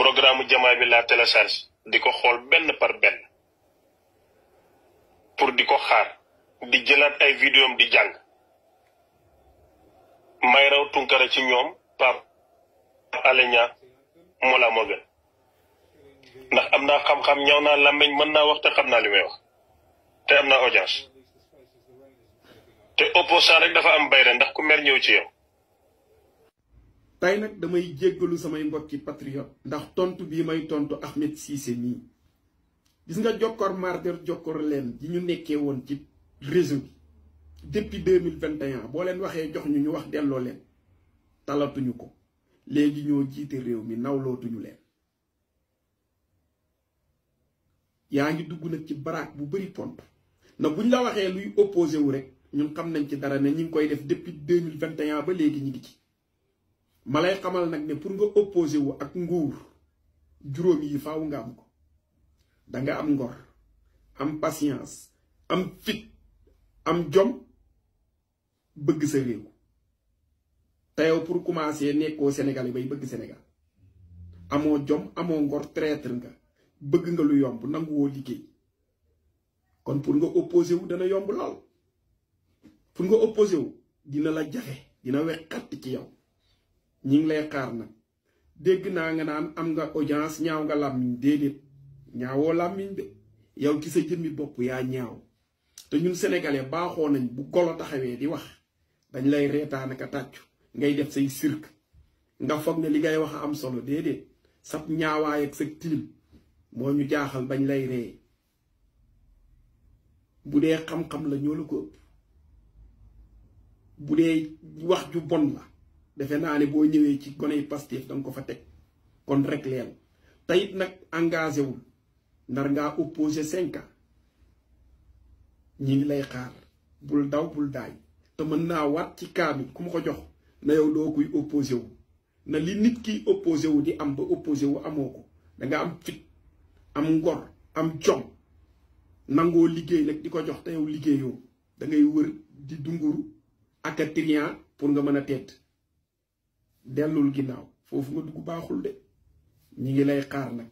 programme jamaa bi la télécharge di ko xool benn par benn pour di ko xaar di jëlaat ay vidéom di jàng may raw tunkara ci ñoom par aleña mola moo gën ndax am naa xam-xam ñaw naa làmmeñ mën naa wax te xam naa li may wax te am naa audience te opposant rek dafa am bayre ndax ku mer ñëw ci yow tey nag damay jéggalu samay mbokki patriote ndax tontu bii may tontu Ahmed Cissé nii gis nga jokkoor martyr jokkoor leen ji ñu nekkee woon ci réseau bi depuis deux mille vingt boo leen waxee jox ñu ñu wax delloo leen talatuñu ko léegi ñoo jiite réew mi nawlootuñu leen yaa ngi dugg nag ci baraak bu bëri pont na buñ la waxee luy opposé wu rek ñun xam nañ ci dara ne ñi ngi koy def depuis deux mille vingt ba léegi ñi ngi ci malay kamal xamal nak ne pour nga opposer wu ak nguur yi faaw nga am ko da nga am ngor am patience am fit am jom bëgg sa réew te pour commencer nekkoo Sénégal bay bëgg Sénégal amo jom amo ngor traître nga bëgg nga lu yomb wo liggéey kon pour nga opposer wu dana yomb lol pour nga opposer wu dina la jaxé dina wex ci yow ñi ngi lay xaar nag dégg naa nga naan am nga audience ñaaw nga làmmiñ déedéet ñaawoo làmmiñ de yow ci sa jëmmi bopp yaa ñaaw te ñun sénégalais baaxoo nañ bu golo taxawee di wax dañ lay reetaan ak a tàccu ngay def say cirque nga foog na li ngay wax am solo déedéet sab ñaawaay ak sa tilim moo ñu jaaxal bañ lay ree bu dee xam-xam la ñoo la ko ëpp bu dee wax ju bon la defe naa ne boo ñëwee ci gone yi Pastef danga ko fa teg kon rek leen tayit nag engagé wul ndar ngaa opposé cinq ans ñi ngi lay xaar bul daw bul daay te mën naa waat ci kaamil ku ma ko jox na yow doo kuy opposé wu na li nit kiy opposé wu di am ba opposé wu amoo ko danga am fit am ngor am jom nangoo liggéey nag di ko jox te yow liggéeyoo da ngay wër di dunguru ak trian pour nga mën a teet dellul ginnaaw foofu nga dugg baaxul de ñi ngi lay xaar nag